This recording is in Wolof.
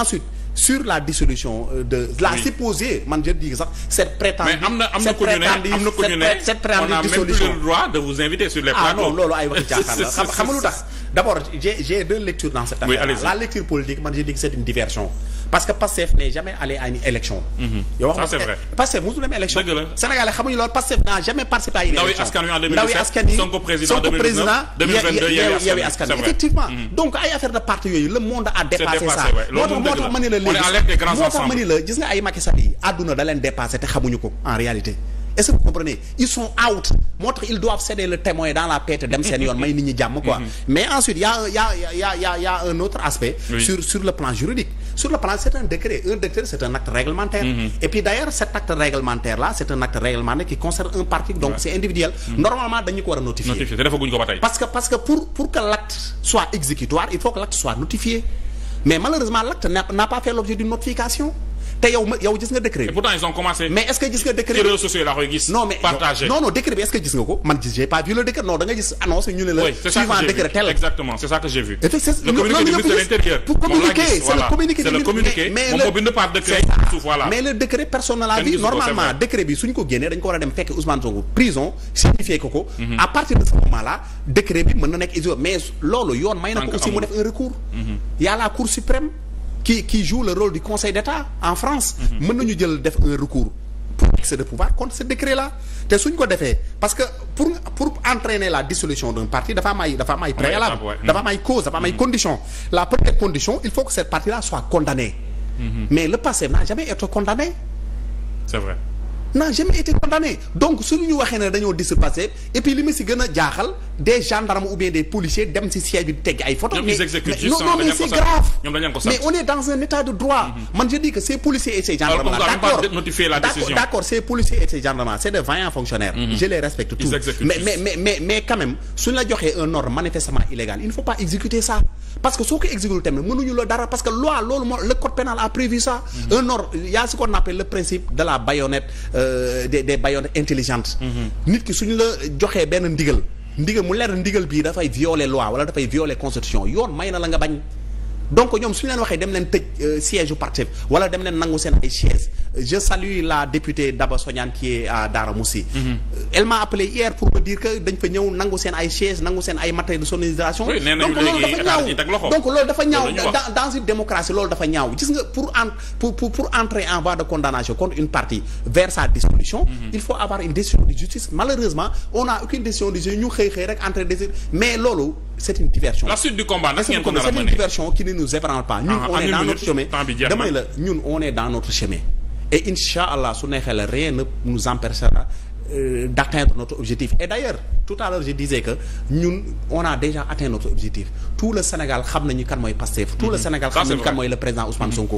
ensuite sur la dissolution euh, de la supposée man je dis sax cette prétendue mais am na dissolution a même plus le droit de vous inviter sur les ah, plateaux non loolu ay waxi caaxaan dans cette affaire la lecture politique man je dis c'est une diversion parce que Pastef n'est jamais allé mhm. dem élection. dëgg xamuñu loolu Pastef n'a jamais participé à une élection. Ndawi askan wi en président 2022 Yewwi effectivement. Mhm. donc ay affaire de parti yooyu le monde a dépassé ça moo tax moo tax ma la léegi moo tax ma la gis ay Macky Sall yi àdduna da leen dépassé te xamuñu ko en réalité. est-ce que vous comprenez ils sont out moo tax ils doivent céder le témoin dans la paix dem seen yoon sur le plan c' est un décret un décret c' un acte réglementaire. Mhm. et puis d' cet acte réglementaire là c' un acte réglementaire qui concerne un parti donc ouais. individuel. Mhm. normalement dañu ko war a parce que parce que pour que l' soit exécutoire il faut que l' soit notifié mais malheureusement l' n'a pas fait l'objet d'une notification. te yow ma yow gis nga décret bi. pourtant ils ont commencé. mais est ce que gis nga décret bi ci mais non non décret bi est ce que gis nga ko man gis j'ai pas décret non da la. l' intérieur. décret personnel la bi normalement décret bi suñ ko génnee dañ ko war a dem fekk Ousmane Sonko prison signifié ko ko. Mhm. à de ce moment là décret bi mën na nekk mais loolu yoon may na ko aussi mu def un recours. Mhm. y a suprême qui qui joue le rôle du conseil d'État en France. mën nañu jël def un recours pour excès de pouvoir contre ce décret là te suñ ko defee parce que pour pour entraîner la dissolution d'un parti dafa am dafa am ay préalable dafa am ay cause dafa am ay mm-hmm. condition la première condition il faut que cette partie là soit condamnée. Mm-hmm. mais le passé n'a jamais été condamné. c'est n'a jamais été condamné donc suñu ñu waxee ne dañoo dissoudre Pastef et puis li ma si gën a jaaxal. des gendarmes ou des policiers dem si siège bi tegg ay photo mais non non mais c'est grave mais on dans un état de droit mm-hmm. man je dis que ces policiers et ces gendarmes d'accord d'accord ces policiers et ces gendarmes c'est des vaillants fonctionnaires mm-hmm. je les respecte mais mais mais mais mais quand la joxee un ordre manifestement illégal il ne faut pas exécuter ça parce que soo ko exécuté tamit mënuñu la dara parce que loi loolu moo le code pénal a prévu mm-hmm. euh, ki suñu la joxee ndigal mu leer ndigal bii dafay violer loi wala dafay violer constitution yoon may na la nga bañ donc ñoom su ñu leen waxee dem leen tëj euh, siège u parti wala dem leen nangu seen ay chaise je salue la députée Daba Soñane qui est à Dara Moussi mm hier pour me dire que dañ fa ñëw nangu seen ay chaise nangu seen ay matériel de sonorisation donc loolu dafa ñaaw dafa ñaaw dans une démocratie loolu dafa ñaaw gis nga pour en pour pour pour entrer en voie de condamnation contre une partie vers sa dissolution mm-hmm. il faut avoir une décision de justice malheureusement on a aucune décision de justice mais loolu c'est une diversion. la une diversion qui ne nous ébranle pas. ñun ah, on est notre chemin damay la ñun on est notre chemin. et incha allah su neexee la rien ne nous empêchera euh, d'atteindre notre objectif et d'ailleurs tout à l'heure je disais ñun on a déjà atteint notre objectif tout le Sénégal xam nañu kan mooy Pastef. tout le mhm. Sénégal xam nañu kan mooy le président Ousmane mhm. Sonko.